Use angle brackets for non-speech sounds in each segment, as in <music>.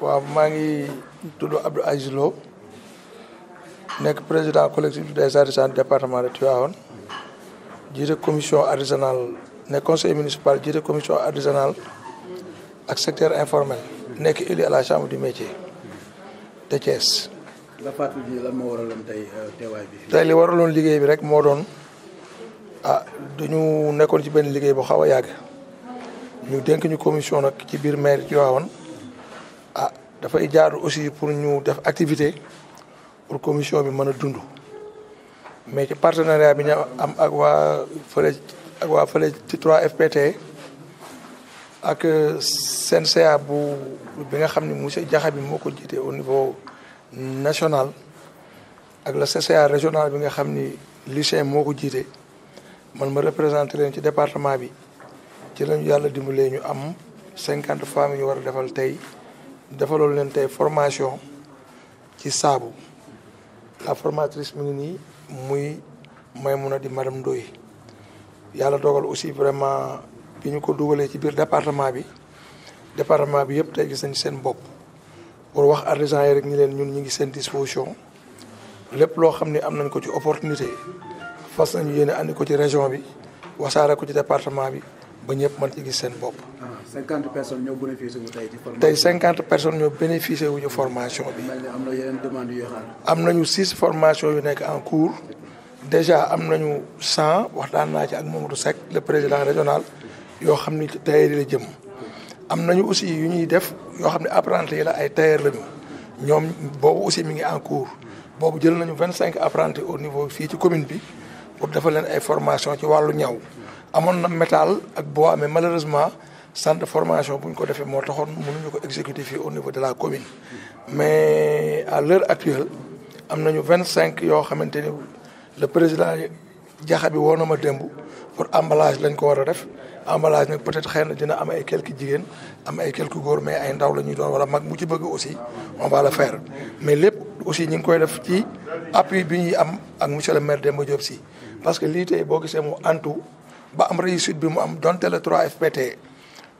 waaw maa ngi tudd Abdou Aziz nekk président collectif des artisans département de Tivaouane jiite commission artisanale nekk conseil municipal jiite commission artisanale ak secteur informel nekk élu à la chambre du métier de Thiès. nga fàttali lan moo waraloon tey euh, teewaay bi. tey li waraloon liggéey bi rek moo doon ah dañu nekkoon ci benn liggéey bu xaw a yàgg ñu dénk ñu commission nag ci biir maire Tivaouane. dafay jaar aussi pour ñu def activité pour commission bi mën a dund mais ci partenariat bi ñu am ak waa fële ak waa fële ci 3FPT ak CNCA bu bi nga xam ne monsieur Diakha bi moo ko jiite au niveau national ak la CCA régional bi nga xam ni lycée moo ko jiite man ma représenté leen ci département bi ci lañu yàlla dimbalee ñu am cinquante femmes yu war a defal tey defaloon leen tey formation ci saabu la formatrice mi ngi nii muy Maymuna di madame Ndoye yàlla dogal aussi vraiment bi ñu ko dugalee ci biir département bi département bi yëpp tey gis nañ seen bopp pour wax artisan yi rek ñi leen ñun ñi ngi seen disposition lépp loo xam ne am nañ ko ci opportunité fas nañu yéene andi ko ci région bi wasaare ko ci département bi ba ñëpp man ci gis seen bopp 50 personnes ñoo bénéficié wu tay ci formation tay 50 personnes ñoo bénéficié wu ñu formation bi. am na yeneen demandes yu xaar. am nañu 6 formations yu nekk en cours déjà am nañu 100 waxtaan naa ci ak Mamadou Seck le président régional yoo xam ni tailleur la jëm. am nañu aussi yu ñuy def yoo xam ne apprentis la ay tailleur lañu ñoom boobu aussi mi ngi en cours boobu jël nañu 25 apprenti apprentis au niveau fii ci commune bi pour defal leen ay formation ci wàllu ñaw amoon na métal ak bois mais malheureusement centre de formation bu ñu ko defee moo taxoon mënuñu ko exécuter fii au niveau de la commune mais à l'heure actuelle am nañu vingt cinq yoo xamante le président jaxa bi woo na pour emballage lañ ko war def emballage nag peut-être xeyna dina am ay quelques jigéen am ay quelques góor mais ay ndaw la ñuy doon wala mag mu ci bëgg aussi on va le faire mais lepp aussi ñing koy def ci appui bi ñi am ak monsieur le maire Demba Diop si parce que lii tey boo gisee mu antu ba am réussite bi mu am donte le 3 FPT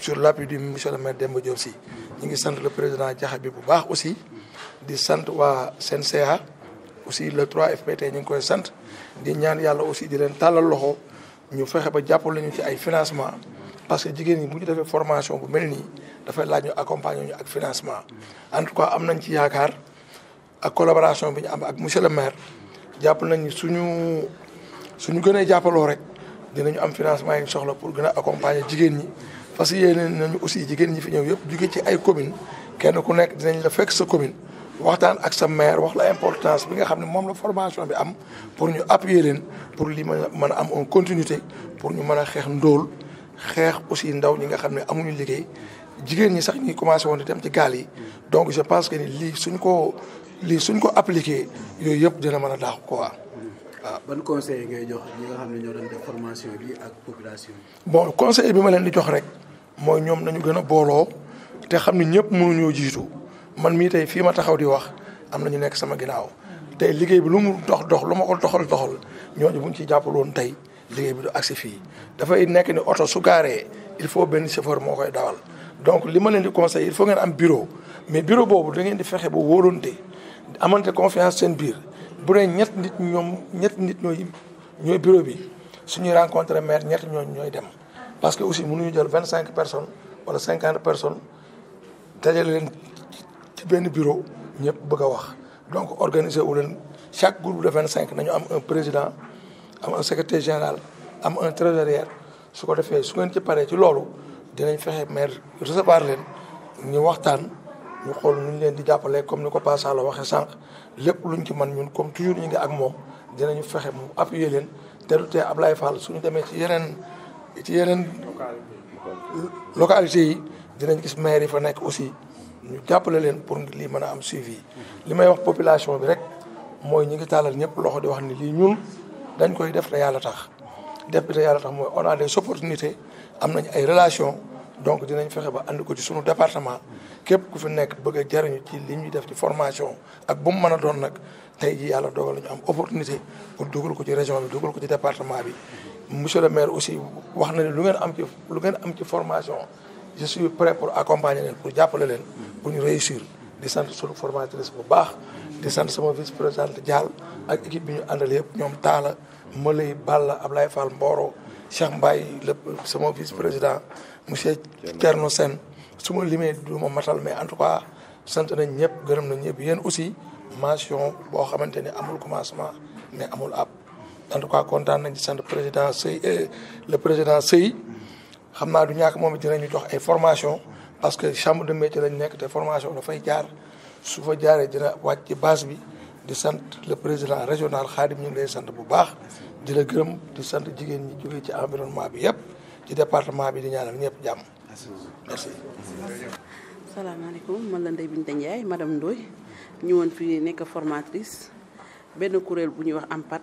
sur l'appui du monsieur le maire Demba Diop si ñi ngi sant le président Jaxa bu baax aussi di sant wa CNCA aussi le 3FPT ñi ngi koy sant di ñaan yalla aussi di len talal loxo ñu fexé ba jàppale ñu ci ay financement parce que jigéen ñi bu ñu defee formation bu melni nii dafay laaj accompagner ñu ak financement en tout cas am nañ ci yaakar ak collaboration bi ñu am ak monsieur le maire jàpp nañ ni suñu suñu gën jappalo rek dinañu am financement yi soxla pour gëna accompagner jigéen ñi fas yéene nañu aussi jigéen ñi fi ñëw yëpp jugee ci ay commune kenn ku nekk dinañ la fekk sa commune waxtaan ak sa maire wax la importance bi nga xam ne moom la formation bi am pour ñu appuyer leen pour li mën a am une continuité pour ñu mën a xeex ndóol xeex aussi ndaw ñi nga xam ne amuñu liggéey jigéen ñi sax ñi commencé woon di dem ci gaal yi donc je pense que ni lii suñ ko lii suñ ko appliquer yooyu yëpp dina mën a daax quoi. waaw ah, ban conseil ngay jox ñi nga xam ne ñoo doon def formation bi ak population bon conseil bi ma leen di jox rek moy ñom nañu gëna bolo té xamni ñëpp mënu ñoo jitu man mi tay fi ma taxaw di wax am na ñu nekk sama ginaaw tey liggéey bi lu mu dox dox lu ma ko doxal doxal ñooñu bu ñu ci won tay liggéey bi du agsi fii dafay nekk ni auto su gaaree il faut ben chauffeur mo koy dawal donc li ma leen di conseiller il faut ngeen am bureau mais bureau bobu da ngeen di fexe ba wóolante amante confiance sen biir bu dee ñet nit ñoom ñett nit ñoy ñoy bureau bi suñu rencontré maire ñet ñoy ñoy dem parce que aussi mënuñu jël vingt cinq personnes wala cinquante personnes dajale leen ci benn bureau ñëpp bëgg a wax donc organiser wu leen chaque groupe de vingt cinq nañu am un président am un secrétaire général am un trésorier su ko defee su ngeen ci paree ci loolu dinañ fexe maire recevoir leen ñu waxtaan ñu xool nu ñu leen di jàppalee comme ni ko Passa la waxee sànq lépp luñ ci man ñun comme toujours ñu ngi ak moom ñu fexe mu appuyer leen te du tee Ablaye Fall suñu demee ci yeneen. ci yeneen localité yi dinañ gis maire yi fa nekk aussi ñu jàppale leen pour lii mën a am suivi li may wax population bi rek mooy ñi ngi tàllal ñëpp loxo di wax ni lii ñun dañ koy def te yàlla tax def bi te yàlla tax mooy on a des opportunités am nañ ay relations donc dinañ fexe ba ànd ko ci sunu département képp ku fi nekk bëgg jariñu ci li ñuy def ci formation ak bu mu mën a doon nag tey ji yàlla dogal ñu am opportunité pour dugal ko ci région dugal ko ci département bi monsieur le maire aussi wax na ne lu ngeen am ci lu am ci formation je suis prêt pour accompagner leen pour jàppale leen pour ñu réussir di sant suñu formatrice bu baax di sant sama vice présidente Diall ak équipe bi ñu àndal yëpp ñoom Talla Malay Balla Ablaye Fall Mboro Cheikh mbaay le sama vice président monsieur Thierno Sène su ma limee du ma matal mais en tout cas sant nañ ñëpp gërëm nañ ñëpp yéen aussi mention boo xamante ni amul commencement mais amul ab en tout cas kontaan nañ ci sant président Sey eh, le président Sey xam naa du ñàkk moom it dinañu tox ay formation parce que chambre de métier lañ nekk te formation dafay jaar su fa jaaree dina wàcc ci base bi di sant le président régional Khadim ñu ngi lay sant bu baax di la gërëm di sant jigéen ñi jógee ci environnement bi yëpp ci département bi di ñaanal ñëpp jàmm merci salaamaaleykum man la Ndeye Binta Ndiaye madame Ndoye ñëwoon fii nekk formatrice benn kuréel bu ñuy wax AMPAT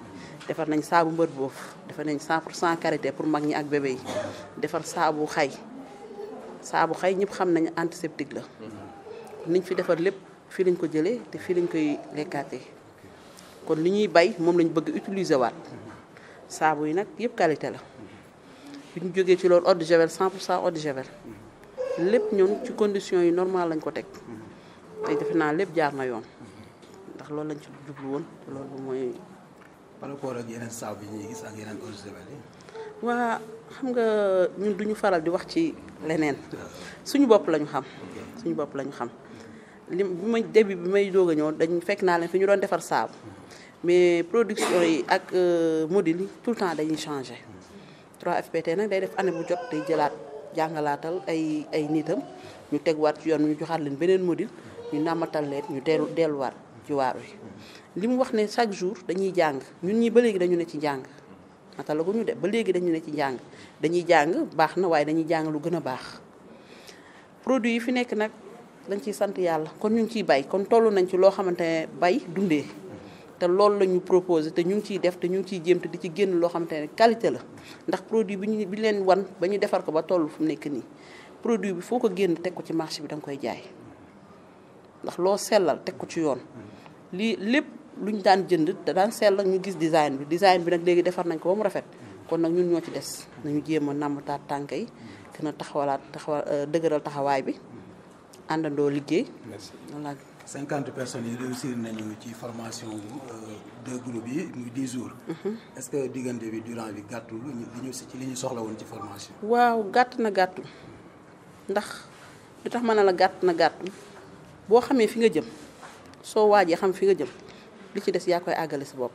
defar nañ saabu mbër boofu defar nañ 100 cent karité pour mag ñi ak bébé yi defar saabu xay saabu xay ñëpp xam nañ antiseptique la niñ fi defar lépp fii lañ ko jëlee te fii lañ koy lekkaatee kon li ñuy bay moom lañ bëgg utiliser waat saabu yi nag yëpp qualité la bi ñu jógee ci loolu eau de javel 100 pour javel lépp ñoom ci conditions yi normal lañ ko teg tey defe naa lépp jaar na yoon ndax loolu lañ ci jublu woon loolu mooy par rapport ak yeneen saabu yi ñuy gis waa xam nga ñun duñu faral di wax ci leneen suñu bopp lañu xam. suñu bopp lañu xam li bi may début bi may doog a ñëw dañ fekk naa leen fi ñu doon defar saabu mais production yi ak euh, modèles yi tout le temps dañuy changé. 3FPT nag day def année bu jot day jëlaat jàngalaatal ay ay nitam ñu tegwaat ci yoon ñu joxaat leen beneen modèle ñu nàmmatal leen ñu dellu delluwaat. ci waar wi li mu wax ne chaque jour dañuy jàng ñun ñi ba léegi dañu ne ci jàng ñu def ba léegi dañu ne ci jàng dañuy jàng baax na waaye dañuy jàng lu gën a baax produit yi fi nekk nag dañ ciy sant yàlla kon ñu ngi ciy bay kon toll nañ ci loo xamante ne bay dundee te loolu la ñu proposé te ñu ngi ciy def te ñu ngi ciy jéem te di ci génn loo xamante ne qualité la ndax produit bi ñu bi leen wan ba ñu defar ko ba toll fu mu nekk nii produit bi foo ko génn teg ko ci marché bi da nga koy jaay ndax loo sellal teg ko ci yoon lii lépp lu ñu daan jënd te daan sellal ñu gis design bi design bi nag léegi defar nañ ko ba mu rafet kon nag ñun ñoo ci des nañu jéem a nàmmataat tànk yi gën taxawalaat taxawa euh, dëgëral taxawaay bi àndandoo liggéey voilà cinquante personnes yi réussir nañu ci formation euh, deux groupes yi muy dix jours mhm. est que diggante bi durant bi gàttul li ñu ci li ñu soxla woon ci formation waaw gàtt na gàttu ndax li tax ma na la gàtt na gàttu boo xamee fi nga jëm soo waajee xam fi nga jëm li ci des yaa koy àggale sa bopp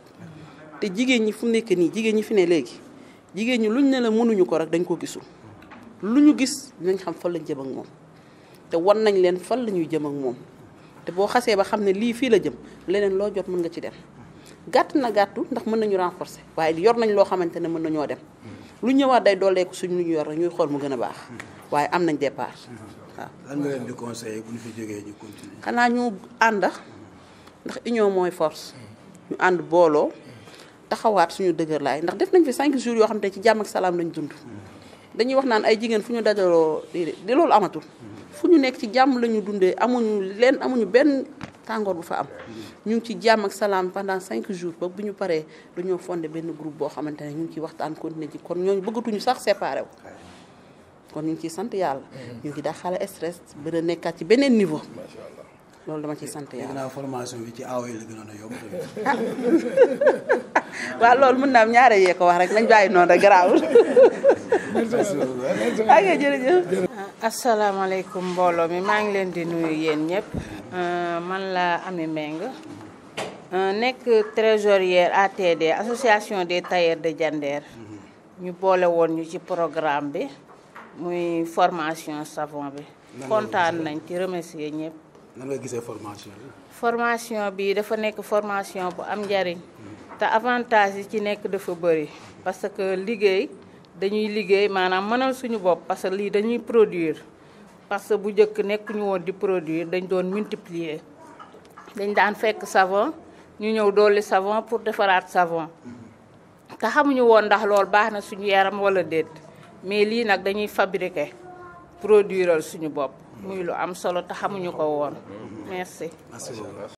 te jigéen ñi fu nekk nii jigéen ñi fi ne léegi jigéen ñi lu luñ ne la mënuñu ko rek dañ ko gisul lu ñu gis dinañ xam fan lañ jëm ak moom te wan nañ leen fan la ñuy jëm ak moom te boo xasee ba xam ne lii fii la jëm leneen loo jot mën nga ci dem gàtt na gàttu ndax mën nañu renforcer waaye yor nañ loo xamante ne mën nañoo dem lu ñëwaat day dooleeku suñu lu ñu yor rek ñuy xool mu gën a baax waaye am nañ départ waaw. lan nga leen di conseiller bu fi jógee ñu continuer. xanaa ñu ànd ndax union mooy force. ñu ànd booloo taxawaat suñu dëgër laay ndax def nañ fi 5 jours yoo xam te ci jàmm ak salaam lañ dund. dañuy wax naan ay jigéen fu ñu dajaloo di loolu amatul. fu ñu nekk ci jàmm la ñu dundee amuñu leen amuñu benn tàngoor bu fa am. ñu ngi ci jàmm ak salaam pendant 5 jours ba bu ñu paree dañoo fondé benn groupe boo xamante ne ñu ngi ciy waxtaan continuer ci kon ñooñu bëggatuñu sax séparé wu. kon ñu ci sant yàlla. Mhm. ñu ngi daal xale stress ba na ci beneen niveau. macha allah loolu dama ciy sant yàlla. naa ci e <laughs> awo loolu mën naa am ñaare yee ko wax rek nañ bàyyi noonu rek garaawul. <laughs> ok jërëjëf. asalaamaaleykum mbooloo mi maa ngi leen di nuyu yéen ñëpp euh, man la Ami Mbengue euh, nekk trésorière ATD association des tailleurs de Diender mhm. ñu boole woon ñu ci programme bi. muy formation savon bi. kontaan nañ ci remercier ñëpp. nan nga gisee formation formation bi dafa nekk formation bu am njariñ. Hmm. te avantage yi ci nekk dafa bëri. parce que liggéey dañuy liggéey maanaam mënal suñu bopp parce que lii dañuy produire. parce que bu njëkk nekk ñu woon di produire dañ doon multiplier. dañ daan fekk savon ñu ñëw dolli savon pour defaraat savon. Hmm. te xamuñu woon ndax lool baax na suñu yaram wala déet. mais lii nag dañuy fabriquer produiral suñu bopp muy lu am solo te xamuñu ko woon merci.